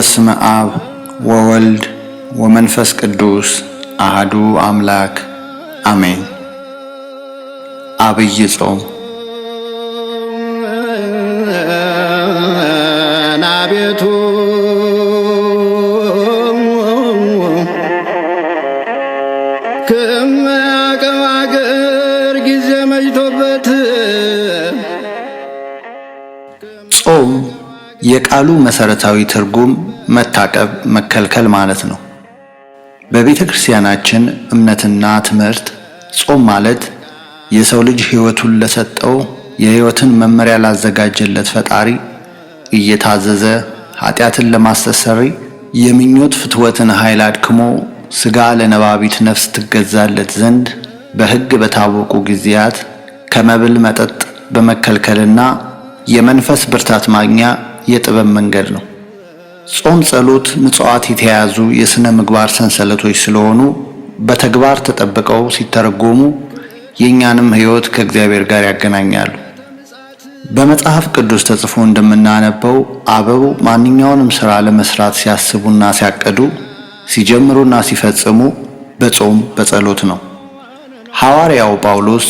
በስመ አብ ወወልድ ወመንፈስ ቅዱስ አህዱ አምላክ አሜን። አብይ ጾም ናቤቱ ጊዜ መጅቶበት ጾም የቃሉ መሰረታዊ ትርጉም መታቀብ መከልከል ማለት ነው። በቤተ ክርስቲያናችን እምነትና ትምህርት ጾም ማለት የሰው ልጅ ሕይወቱን ለሰጠው የሕይወትን መመሪያ ላዘጋጀለት ፈጣሪ እየታዘዘ ኃጢአትን ለማስተሰሪ የምኞት ፍትወትን ኃይል አድክሞ ሥጋ ለነባቢት ነፍስ ትገዛለት ዘንድ በሕግ በታወቁ ጊዜያት ከመብል መጠጥ በመከልከልና የመንፈስ ብርታት ማግኛ የጥበብ መንገድ ነው። ጾም፣ ጸሎት፣ ምጽዋት የተያያዙ የሥነ ምግባር ሰንሰለቶች ስለሆኑ በተግባር ተጠብቀው ሲተረጎሙ የእኛንም ሕይወት ከእግዚአብሔር ጋር ያገናኛሉ። በመጽሐፍ ቅዱስ ተጽፎ እንደምናነበው አበው ማንኛውንም ሥራ ለመስራት ሲያስቡና ሲያቀዱ! ሲጀምሩና ሲፈጽሙ በጾም በጸሎት ነው። ሐዋርያው ጳውሎስ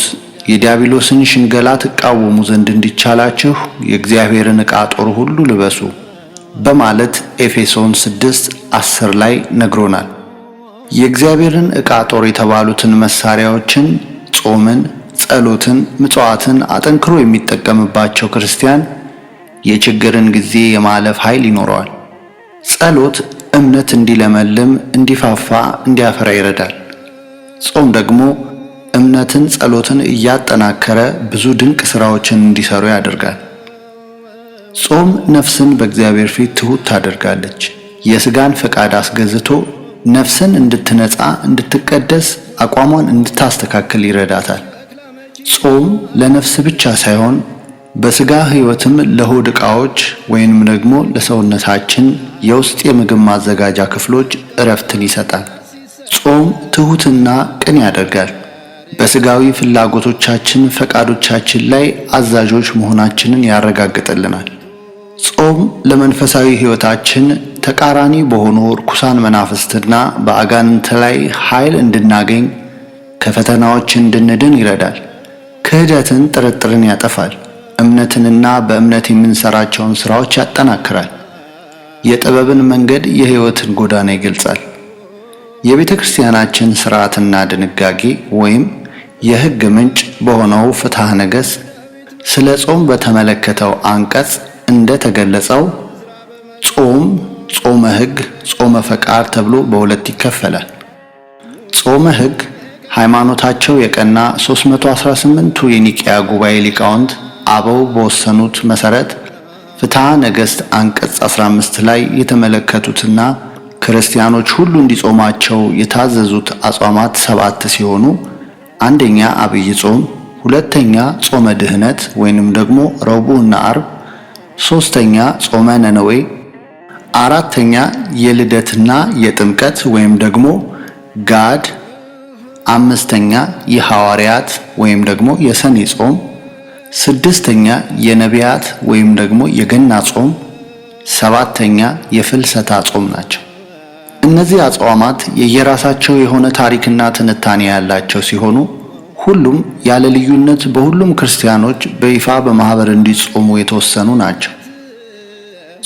የዲያብሎስን ሽንገላ ትቃወሙ ዘንድ እንዲቻላችሁ የእግዚአብሔርን ዕቃ ጦር ሁሉ ልበሱ በማለት ኤፌሶን 6 10 ላይ ነግሮናል። የእግዚአብሔርን ዕቃ ጦር የተባሉትን መሳሪያዎችን ጾምን፣ ጸሎትን፣ ምጽዋትን አጠንክሮ የሚጠቀምባቸው ክርስቲያን የችግርን ጊዜ የማለፍ ኃይል ይኖረዋል። ጸሎት እምነት እንዲለመልም፣ እንዲፋፋ፣ እንዲያፈራ ይረዳል። ጾም ደግሞ እምነትን፣ ጸሎትን እያጠናከረ ብዙ ድንቅ ሥራዎችን እንዲሰሩ ያደርጋል። ጾም ነፍስን በእግዚአብሔር ፊት ትሑት ታደርጋለች። የሥጋን ፈቃድ አስገዝቶ ነፍስን እንድትነጻ፣ እንድትቀደስ፣ አቋሟን እንድታስተካክል ይረዳታል። ጾም ለነፍስ ብቻ ሳይሆን በሥጋ ሕይወትም ለሆድ ዕቃዎች ወይንም ደግሞ ለሰውነታችን የውስጥ የምግብ ማዘጋጃ ክፍሎች እረፍትን ይሰጣል። ጾም ትሑትና ቅን ያደርጋል። በሥጋዊ ፍላጎቶቻችን፣ ፈቃዶቻችን ላይ አዛዦች መሆናችንን ያረጋግጥልናል። ጾም ለመንፈሳዊ ሕይወታችን ተቃራኒ በሆኑ ርኩሳን መናፍስትና በአጋንንት ላይ ኃይል እንድናገኝ ከፈተናዎች እንድንድን ይረዳል። ክህደትን፣ ጥርጥርን ያጠፋል። እምነትንና በእምነት የምንሰራቸውን ሥራዎች ያጠናክራል። የጥበብን መንገድ፣ የሕይወትን ጎዳና ይገልጻል። የቤተ ክርስቲያናችን ሥርዓትና ድንጋጌ ወይም የሕግ ምንጭ በሆነው ፍትሐ ነገሥት ስለ ጾም በተመለከተው አንቀጽ እንደተገለጸው ጾም ጾመ ሕግ፣ ጾመ ፈቃድ ተብሎ በሁለት ይከፈላል። ጾመ ሕግ ሃይማኖታቸው የቀና 318ቱ የኒቅያ ጉባኤ ሊቃውንት አበው በወሰኑት መሰረት ፍትሐ ነገሥት አንቀጽ 15 ላይ የተመለከቱትና ክርስቲያኖች ሁሉ እንዲጾማቸው የታዘዙት አጽዋማት ሰባት ሲሆኑ አንደኛ አብይ ጾም፣ ሁለተኛ ጾመ ድህነት ወይንም ደግሞ ረቡዕና አርብ ሶስተኛ ጾመ ነነዌ፣ አራተኛ የልደትና የጥምቀት ወይም ደግሞ ጋድ፣ አምስተኛ የሐዋርያት ወይም ደግሞ የሰኔ ጾም፣ ስድስተኛ የነቢያት ወይም ደግሞ የገና ጾም፣ ሰባተኛ የፍልሰታ ጾም ናቸው። እነዚህ አጽዋማት የየራሳቸው የሆነ ታሪክና ትንታኔ ያላቸው ሲሆኑ ሁሉም ያለ ልዩነት በሁሉም ክርስቲያኖች በይፋ በማኅበር እንዲጾሙ የተወሰኑ ናቸው።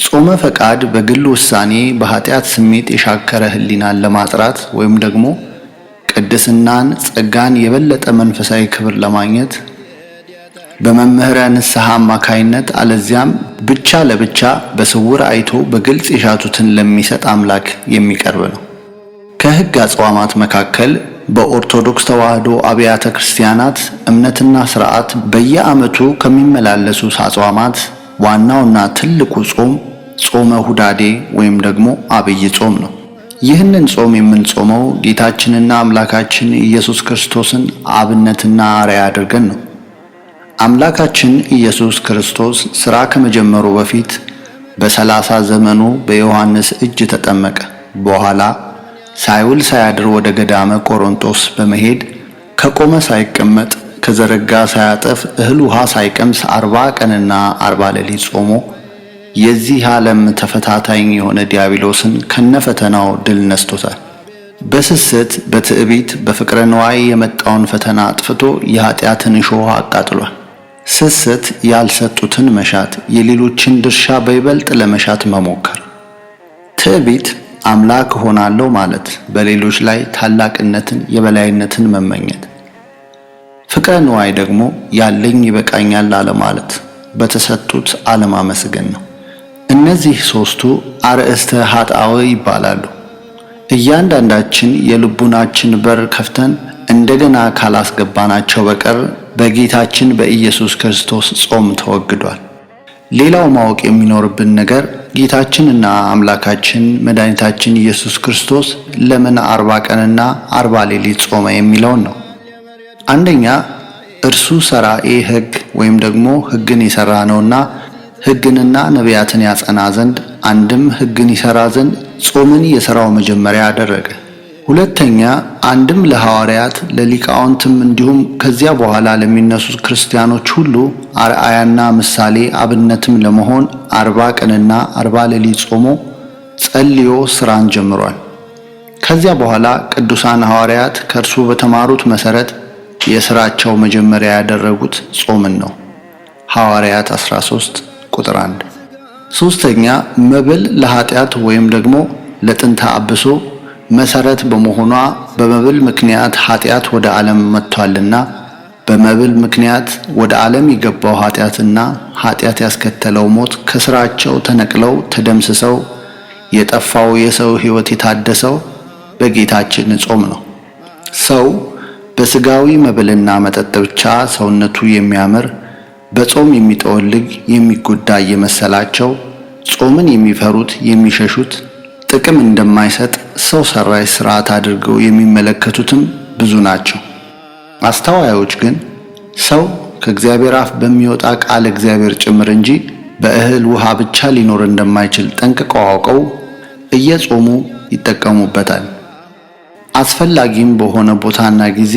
ጾመ ፈቃድ በግል ውሳኔ በኃጢአት ስሜት የሻከረ ህሊናን ለማጥራት ወይም ደግሞ ቅድስናን፣ ጸጋን የበለጠ መንፈሳዊ ክብር ለማግኘት በመምህረ ንስሐ አማካይነት አለዚያም ብቻ ለብቻ በስውር አይቶ በግልጽ የሻቱትን ለሚሰጥ አምላክ የሚቀርብ ነው። ከሕግ አጽዋማት መካከል በኦርቶዶክስ ተዋሕዶ አብያተ ክርስቲያናት እምነትና ስርዓት በየዓመቱ ከሚመላለሱ አጽዋማት ዋናውና ትልቁ ጾም ጾመ ሁዳዴ ወይም ደግሞ አብይ ጾም ነው። ይህንን ጾም የምንጾመው ጌታችንና አምላካችን ኢየሱስ ክርስቶስን አብነትና አርያ አድርገን ነው። አምላካችን ኢየሱስ ክርስቶስ ሥራ ከመጀመሩ በፊት በሰላሳ ዘመኑ በዮሐንስ እጅ ተጠመቀ። በኋላ ሳይውል ሳያድር ወደ ገዳመ ቆሮንጦስ በመሄድ ከቆመ ሳይቀመጥ ከዘረጋ ሳያጠፍ እህል ውሃ ሳይቀምስ አርባ ቀንና አርባ ሌሊት ጾሞ የዚህ ዓለም ተፈታታኝ የሆነ ዲያብሎስን ከነፈተናው ድል ነስቶታል። በስስት በትዕቢት በፍቅረ ንዋይ የመጣውን ፈተና አጥፍቶ የኀጢአትን እሾህ አቃጥሏል። ስስት ያልሰጡትን መሻት፣ የሌሎችን ድርሻ በይበልጥ ለመሻት መሞከር። ትዕቢት አምላክ እሆናለሁ ማለት በሌሎች ላይ ታላቅነትን፣ የበላይነትን መመኘት። ፍቅረ ንዋይ ደግሞ ያለኝ ይበቃኛል አለማለት፣ በተሰጡት አለማመስገን ነው። እነዚህ ሦስቱ አርእስተ ኃጣውእ ይባላሉ። እያንዳንዳችን የልቡናችን በር ከፍተን እንደገና ካላስገባናቸው በቀር በጌታችን በኢየሱስ ክርስቶስ ጾም ተወግዷል። ሌላው ማወቅ የሚኖርብን ነገር ጌታችንና አምላካችን መድኃኒታችን ኢየሱስ ክርስቶስ ለምን አርባ ቀንና አርባ ሌሊት ጾመ የሚለውን ነው። አንደኛ እርሱ ሰራኤ ሕግ ወይም ደግሞ ሕግን የሰራ ነውና ሕግንና ነቢያትን ያጸና ዘንድ አንድም ሕግን ይሰራ ዘንድ ጾምን የሥራው መጀመሪያ አደረገ። ሁለተኛ አንድም ለሐዋርያት ለሊቃውንትም እንዲሁም ከዚያ በኋላ ለሚነሱት ክርስቲያኖች ሁሉ አርአያና ምሳሌ አብነትም ለመሆን አርባ ቀንና አርባ ሌሊት ጾሞ ጸልዮ ሥራን ጀምሯል። ከዚያ በኋላ ቅዱሳን ሐዋርያት ከእርሱ በተማሩት መሠረት የሥራቸው መጀመሪያ ያደረጉት ጾምን ነው። ሐዋርያት 13 ቁጥር 1። ሦስተኛ መብል ለኀጢአት ወይም ደግሞ ለጥንተ አብሶ መሰረት በመሆኗ በመብል ምክንያት ኃጢአት ወደ ዓለም መጥቷልና በመብል ምክንያት ወደ ዓለም የገባው ኃጢአትና ኃጢአት ያስከተለው ሞት ከስራቸው ተነቅለው ተደምስሰው የጠፋው የሰው ሕይወት የታደሰው በጌታችን ጾም ነው። ሰው በስጋዊ መብልና መጠጥ ብቻ ሰውነቱ የሚያምር በጾም የሚጠወልግ የሚጎዳ እየመሰላቸው ጾምን የሚፈሩት የሚሸሹት ጥቅም እንደማይሰጥ ሰው ሰራሽ ስርዓት አድርገው የሚመለከቱትም ብዙ ናቸው። አስተዋዮች ግን ሰው ከእግዚአብሔር አፍ በሚወጣ ቃል እግዚአብሔር ጭምር እንጂ በእህል ውሃ ብቻ ሊኖር እንደማይችል ጠንቅቀው አውቀው እየጾሙ ይጠቀሙበታል። አስፈላጊም በሆነ ቦታና ጊዜ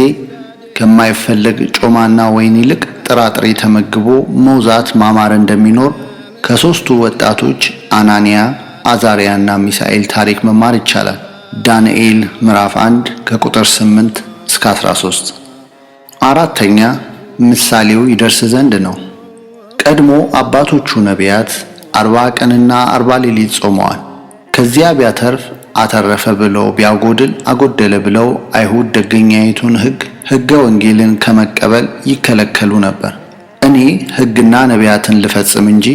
ከማይፈለግ ጮማና ወይን ይልቅ ጥራጥሬ ተመግቦ መውዛት ማማር እንደሚኖር ከሦስቱ ወጣቶች አናንያ አዛሪያና ሚሳኤል ታሪክ መማር ይቻላል። ዳንኤል ምዕራፍ 1 ከቁጥር 8 እስከ 13። አራተኛ ምሳሌው ይደርስ ዘንድ ነው። ቀድሞ አባቶቹ ነቢያት አርባ ቀንና አርባ ሌሊት ጾመዋል። ከዚያ ቢያተርፍ አተረፈ ብለው ቢያጎድል አጎደለ ብለው አይሁድ ደገኛይቱን ሕግ ሕገ ወንጌልን ከመቀበል ይከለከሉ ነበር። እኔ ሕግና ነቢያትን ልፈጽም እንጂ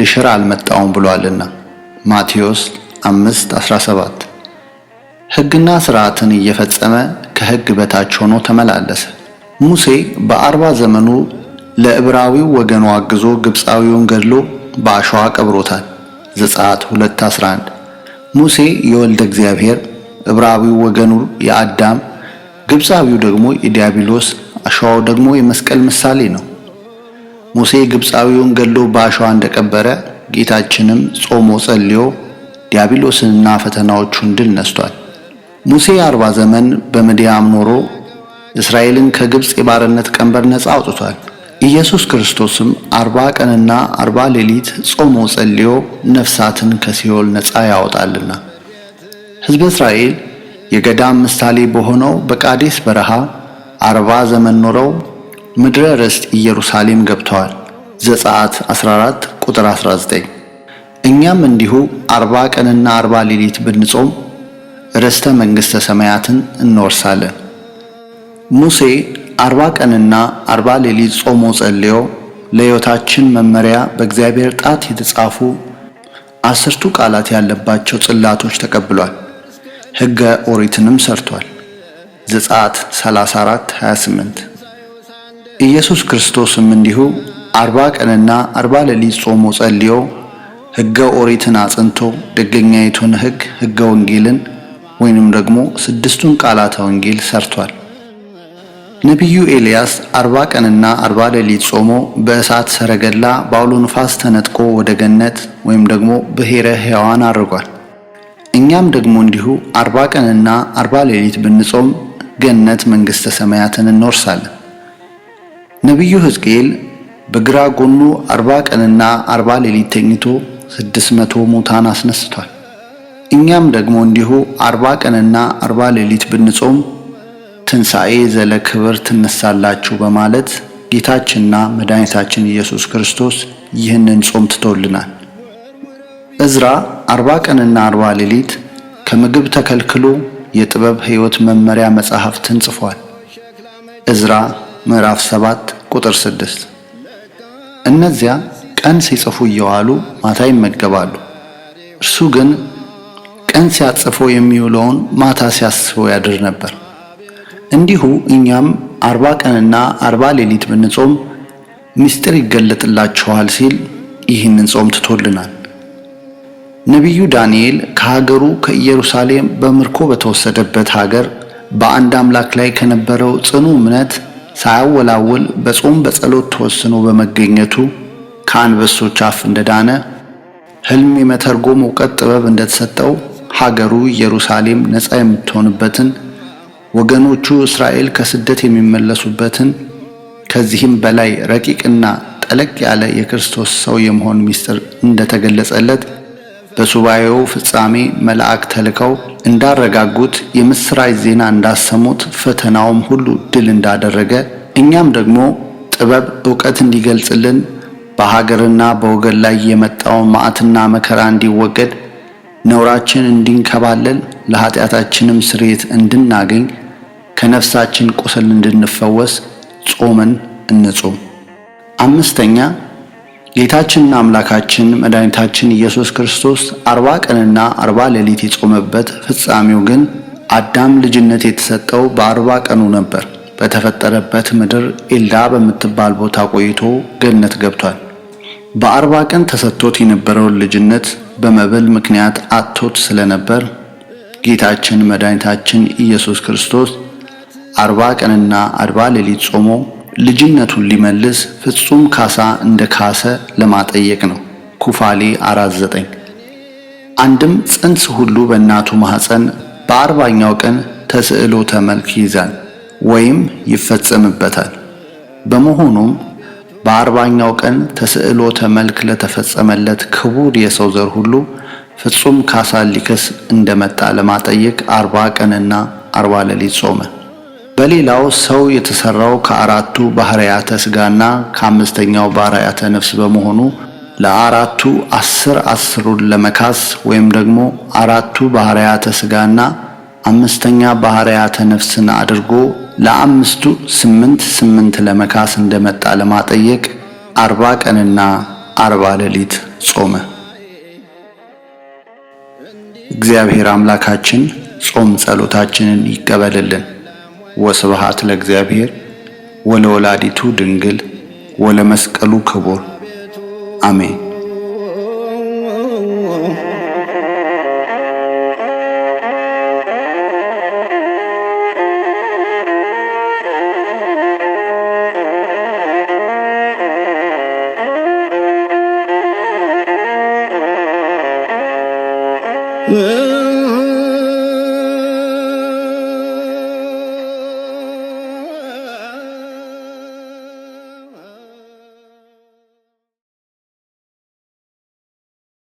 ልሽር አልመጣውም ብሏልና ማቴዎስ 5:17 ሕግና ሥርዓትን እየፈጸመ ከሕግ በታች ሆኖ ተመላለሰ። ሙሴ በአርባ ዘመኑ ለዕብራዊው ወገኑ አግዞ ግብፃዊውን ገድሎ በአሸዋ ቀብሮታል። ዘጸአት 2:11 ሙሴ የወልደ እግዚአብሔር፣ ዕብራዊው ወገኑ የአዳም፣ ግብፃዊው ደግሞ የዲያብሎስ፣ አሸዋው ደግሞ የመስቀል ምሳሌ ነው። ሙሴ ግብፃዊውን ገድሎ በአሸዋ እንደቀበረ ጌታችንም ጾሞ ጸልዮ ዲያብሎስንና ፈተናዎቹን ድል ነስቷል። ሙሴ አርባ ዘመን በምድያም ኖሮ እስራኤልን ከግብፅ የባርነት ቀንበር ነፃ አውጥቷል። ኢየሱስ ክርስቶስም አርባ ቀንና አርባ ሌሊት ጾሞ ጸልዮ ነፍሳትን ከሲኦል ነፃ ያወጣልና ሕዝበ እስራኤል የገዳም ምሳሌ በሆነው በቃዴስ በረሃ አርባ ዘመን ኖረው ምድረ ርስት ኢየሩሳሌም ገብተዋል። ዘጸአት 14 ቁጥር 19 እኛም እንዲሁ አርባ ቀንና አርባ ሌሊት ብንጾም ርስተ መንግሥተ ሰማያትን እንወርሳለን። ሙሴ አርባ ቀንና አርባ ሌሊት ጾሞ ጸልዮ ለሕይወታችን መመሪያ በእግዚአብሔር ጣት የተጻፉ አስርቱ ቃላት ያለባቸው ጽላቶች ተቀብሏል። ሕገ ኦሪትንም ሰርቷል። ዘጸአት 34 28 ኢየሱስ ክርስቶስም እንዲሁ አርባ ቀንና አርባ ሌሊት ጾሞ ጸልዮ ሕገ ኦሪትን አጽንቶ ደገኛይቱን ሕግ ሕገ ወንጌልን ወይንም ደግሞ ስድስቱን ቃላተ ወንጌል ሰርቷል። ነቢዩ ኤልያስ አርባ ቀንና አርባ ሌሊት ጾሞ በእሳት ሰረገላ በአውሎ ንፋስ ተነጥቆ ወደ ገነት ወይም ደግሞ ብሔረ ሕያዋን አድርጓል። እኛም ደግሞ እንዲሁ አርባ ቀንና አርባ ሌሊት ብንጾም ገነት መንግሥተ ሰማያትን እንወርሳለን። ነቢዩ ሕዝቅኤል በግራ ጎኑ አርባ ቀንና አርባ ሌሊት ተኝቶ ስድስት መቶ ሙታን አስነስቷል። እኛም ደግሞ እንዲሁ አርባ ቀንና አርባ ሌሊት ብንጾም ትንሣኤ ዘለ ክብር ትነሳላችሁ በማለት ጌታችንና መድኃኒታችን ኢየሱስ ክርስቶስ ይህንን ጾም ትቶልናል። እዝራ አርባ ቀንና አርባ ሌሊት ከምግብ ተከልክሎ የጥበብ ሕይወት መመሪያ መጽሐፍትን ጽፏል። እዝራ ምዕራፍ 7 ቁጥር 6 እነዚያ ቀን ሲጽፉ እየዋሉ ማታ ይመገባሉ። እርሱ ግን ቀን ሲያጽፎ የሚውለውን ማታ ሲያስበው ያድር ነበር። እንዲሁ እኛም አርባ ቀንና አርባ ሌሊት ብንጾም ምስጢር ይገለጥላችኋል ሲል ይህንን ጾም ትቶልናል። ነቢዩ ዳንኤል ከሀገሩ ከኢየሩሳሌም በምርኮ በተወሰደበት ሀገር በአንድ አምላክ ላይ ከነበረው ጽኑ እምነት ሳያወላውል በጾም በጸሎት ተወስኖ በመገኘቱ ከአንበሶች አፍ እንደዳነ ሕልም የመተርጎም እውቀት ጥበብ እንደተሰጠው ሀገሩ ኢየሩሳሌም ነፃ የምትሆንበትን ወገኖቹ እስራኤል ከስደት የሚመለሱበትን ከዚህም በላይ ረቂቅና ጠለቅ ያለ የክርስቶስ ሰው የመሆን ምስጢር እንደተገለጸለት በሱባኤው ፍጻሜ መልአክ ተልከው እንዳረጋጉት የምስራይ ዜና እንዳሰሙት ፈተናውም ሁሉ ድል እንዳደረገ እኛም ደግሞ ጥበብ ዕውቀት እንዲገልጽልን በሀገርና በወገን ላይ የመጣውን ማዕትና መከራ እንዲወገድ ነውራችን እንዲንከባለል ለኃጢአታችንም ስርየት እንድናገኝ ከነፍሳችን ቁስል እንድንፈወስ ጾምን እንጹም። አምስተኛ ጌታችንና አምላካችን መድኃኒታችን ኢየሱስ ክርስቶስ አርባ ቀንና አርባ ሌሊት የጾመበት ፍጻሜው ግን አዳም ልጅነት የተሰጠው በአርባ ቀኑ ነበር። በተፈጠረበት ምድር ኤልዳ በምትባል ቦታ ቆይቶ ገነት ገብቷል። በአርባ ቀን ተሰጥቶት የነበረውን ልጅነት በመብል ምክንያት አጥቶት ስለነበር ጌታችን መድኃኒታችን ኢየሱስ ክርስቶስ አርባ ቀንና አርባ ሌሊት ጾሞ ልጅነቱን ሊመልስ ፍጹም ካሳ እንደ ካሰ ለማጠየቅ ነው። ኩፋሌ አራት ዘጠኝ አንድም ጽንስ ሁሉ በእናቱ ማኅፀን በአርባኛው ቀን ተስዕሎተ መልክ ይይዛል ወይም ይፈጸምበታል። በመሆኑም በአርባኛው ቀን ተስዕሎተ መልክ ለተፈጸመለት ክቡር የሰው ዘር ሁሉ ፍጹም ካሳ ሊከስ እንደመጣ ለማጠየቅ አርባ ቀንና አርባ ሌሊት ጾመ። በሌላው ሰው የተሰራው ከአራቱ ባህርያተ ስጋና ከአምስተኛው ባህርያተ ነፍስ በመሆኑ ለአራቱ አስር አስሩን ለመካስ ወይም ደግሞ አራቱ ባህርያተ ስጋና አምስተኛ ባህርያተ ነፍስን አድርጎ ለአምስቱ ስምንት ስምንት ለመካስ እንደመጣ ለማጠየቅ አርባ ቀንና አርባ ሌሊት ጾመ። እግዚአብሔር አምላካችን ጾም ጸሎታችንን ይቀበልልን። ወስብሃት ለእግዚአብሔር ወለወላዲቱ ድንግል ወለመስቀሉ ክቡር አሜን። Yeah.